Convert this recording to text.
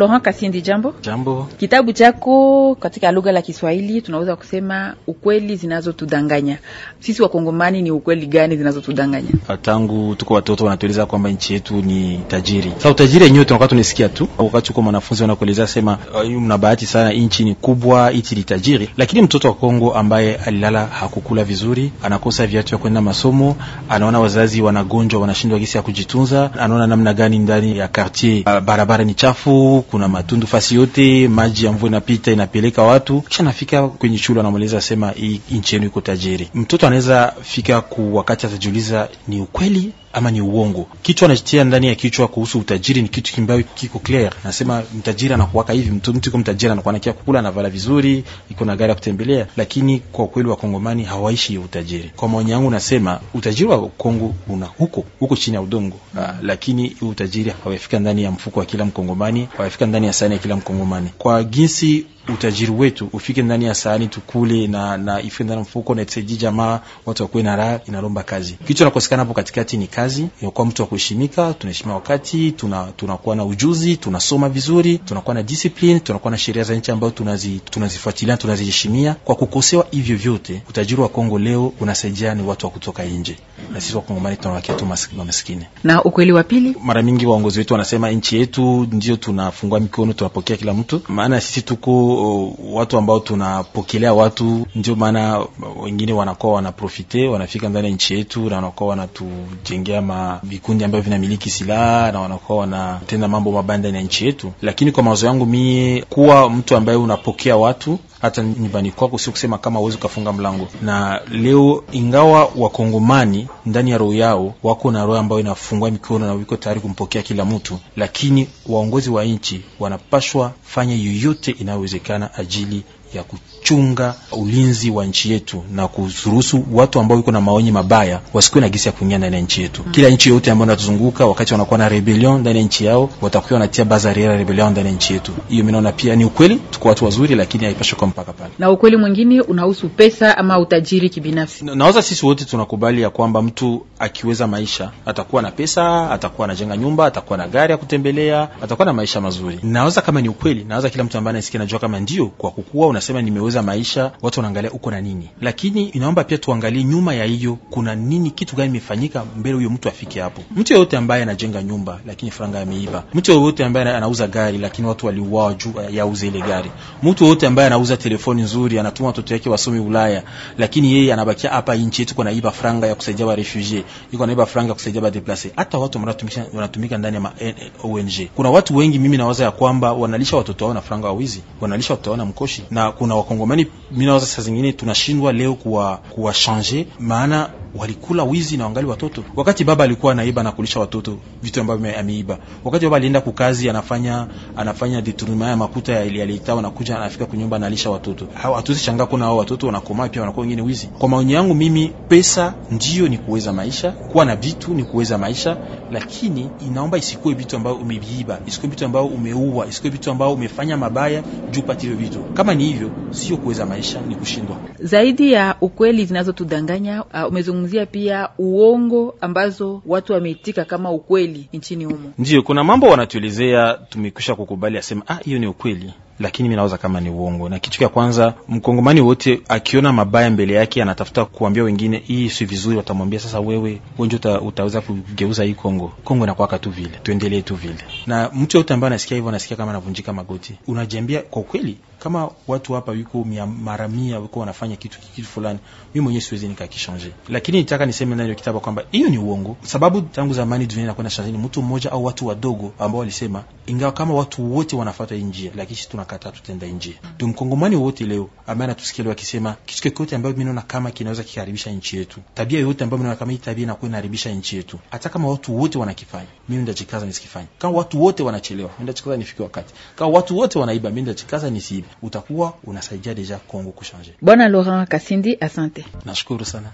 Laurent Kasindi, jambo. Jambo. Kitabu chako katika lugha la Kiswahili tunaweza kusema ukweli zinazotudanganya sisi Wakongomani, ni ukweli gani zinazotudanganya? Ah, tangu tuko watoto wanatueleza kwamba nchi yetu ni tajiri. Sasa utajiri wenyewe tunakuwa tunisikia tu, wakati uko mwanafunzi wanakueleza sema, ah, mna bahati sana, nchi ni kubwa, nchi ni tajiri, lakini mtoto wa Kongo ambaye alilala hakukula vizuri, anakosa viatu vya kwenda masomo, anaona wazazi wanagonjwa, wanashindwa gisi ya kujitunza, anaona namna gani ndani ya quartier ah, barabara ni chafu kuna matundu fasi yote, maji ya mvua inapita inapeleka watu, kisha nafika kwenye shule anamweleza sema hii nchi yenu iko tajiri. Mtoto anaweza fika ku wakati atajiuliza ni ukweli ama ni uongo. Kitu anachotia ndani ya kichwa kuhusu utajiri ni kitu kimbayo kiko clear. Nasema mtajiri anakuwaka hivi, mtu mtu kwa mtajiri anakuwa na nakia kukula, vala vizuri, iko na gari ya kutembelea, lakini kwa kweli wa Kongomani hawaishi hiyo utajiri. Kwa maoni yangu nasema utajiri wa Kongo una huko huko chini ya udongo, ah, lakini utajiri hawafika ndani ya mfuko wa kila Mkongomani, hawafika ndani ya sahani ya kila Mkongomani. Kwa jinsi utajiri wetu ufike ndani ya sahani tukule na na ifike ndani mfuko na tusaidie jamaa watu wakuwe na raha, inalomba kazi. Kitu nakosekana hapo katikati ni kazi kazi kwa mtu wa kuheshimika, tunaheshimia wakati, tunakuwa tuna na ujuzi, tunasoma vizuri, tunakuwa na discipline, tunakuwa na sheria za nchi ambayo tunazifuatilia, tunazi tunaziheshimia. Kwa kukosewa hivyo vyote, utajiri wa Kongo leo unasaidia ni watu wa kutoka nje, na sisi wakongomani tunawakia tu maskini. Na ukweli wa pili, mara mingi waongozi wetu wanasema nchi yetu ndio tunafungua mikono, tunapokea kila mtu, maana sisi tuko uh, watu ambao tunapokelea watu, ndio maana wengine wanakuwa wanaprofite, wanafika ndani ya nchi yetu na wanakuwa wanatujengea kupitia ma vikundi ambavyo vinamiliki silaha na wanakuwa wanatenda mambo mabaya ndani ya nchi yetu. Lakini kwa mawazo yangu mie, kuwa mtu ambaye unapokea watu hata nyumbani kwako, sio kusema kama huwezi ukafunga mlango. Na leo ingawa wakongomani ndani ya roho yao wako na roho ambayo inafungua mikono na wiko tayari kumpokea kila mtu, lakini waongozi wa nchi wanapashwa fanya yoyote inayowezekana ajili ya kuchunga ulinzi wa nchi yetu na kuruhusu watu ambao iko na maoni mabaya wasikuwe na gisi ya kuingia ndani ya nchi yetu. Mm. Kila nchi yote ambayo inatuzunguka wakati wanakuwa na rebellion ndani ya nchi yao watakuwa wanatia bazariera rebellion ndani ya nchi yetu. Hiyo mimi naona pia ni ukweli, tuko watu wazuri, lakini haipaswi kwa mpaka pale. Na ukweli mwingine unahusu pesa ama utajiri kibinafsi. Na, naoza sisi wote tunakubali ya kwamba mtu akiweza maisha atakuwa na pesa, atakuwa anajenga nyumba, atakuwa na gari ya kutembelea, atakuwa na maisha mazuri. Naoza kama ni ukweli, naoza kila mtu ambaye anasikia najua kama ndio kwa kukua una unasema nimeweza maisha, watu wanaangalia uko na nini, lakini inaomba pia tuangalie nyuma ya hiyo kuna nini, kitu gani imefanyika mbele huyo mtu afike hapo. Mtu yoyote ambaye anajenga nyumba lakini franga ameiba, mtu yoyote ambaye anauza gari lakini watu waliuawa juu ya uze ile gari, mtu yoyote ambaye anauza telefoni nzuri, anatuma watoto yake wasome Ulaya, lakini yeye anabakia hapa nchi yetu, kwa naiba franga ya kusaidia wa refugee, yuko naiba franga ya kusaidia wa deplace. Hata watu wanatumika wanatumika ndani ya ma eh, eh, ONG, kuna watu wengi mimi nawaza ya kwamba wanalisha watoto wao na franga wawizi, wanalisha watoto wao na mkoshi na kuna wakongomani minaweza saa zingine tunashindwa leo kuwa kuwa kuwashange, maana walikula wizi na wangali watoto, wakati baba alikuwa anaiba na kulisha watoto vitu ambavyo ameiba. Wakati baba alienda kukazi, anafanya anafanya deturnement ya makuta ya aliyetawa na kuja anafika kunyumba analisha watoto hao. Hatuwezi shangaa kuna hao watoto wanakomaa pia wanakuwa wengine wizi. Kwa maoni yangu mimi, pesa ndio ni kuweza maisha, kuwa na vitu ni kuweza maisha, lakini inaomba isikuwe vitu ambavyo umeviiba, isikuwe vitu ambavyo umeua, isikuwe vitu ambavyo umefanya mabaya juu pati hivyo vitu. Kama ni hivyo, sio kuweza maisha, ni kushindwa zaidi ya ukweli zinazotudanganya. Uh, umezungumza tunazungumzia pia uongo ambazo watu wameitika kama ukweli nchini humo. Ndio kuna mambo wanatuelezea tumekwisha kukubali, asema ah, hiyo ni ukweli lakini mi naweza kama ni uongo. Na kitu cha kwanza, mkongomani wote akiona mabaya mbele yake anatafuta kuambia wengine hii si vizuri, watamwambia sasa, wewe wewe uta, utaweza kugeuza hii Kongo. Kongo inakuwa tu vile, tuendelee tu vile. Na mtu yote ambaye anasikia hivyo anasikia kama anavunjika magoti. Unajiambia kwa kweli, kama watu hapa yuko mia mara mia wako wanafanya kitu kitu fulani, mimi mwenyewe siwezi nikakishanje. Lakini nitaka niseme ndani ya kitabu kwamba hiyo ni uongo, sababu tangu zamani dunia inakwenda shazini, mtu mmoja au watu wadogo ambao walisema, ingawa kama watu wote wanafuata hii njia, lakini tuna tunakataa, tutenda nje. Tu mkongomani wote leo ambaye anatusikia leo akisema kitu kikote ambayo mimi naona kama kinaweza kikaribisha nchi yetu, tabia yote ambayo mimi naona kama hii tabia inakuwa inaharibisha nchi yetu, hata kama watu wote wanakifanya, mimi ndajikaza nisikifanye. Kama watu wote wanachelewa, mimi ndajikaza nifike wakati. Kama watu wote wanaiba, mimi ndajikaza nisiibe. Utakuwa unasaidia deja Kongo kushanje. Bwana Laurent Kasindi, asante, nashukuru sana.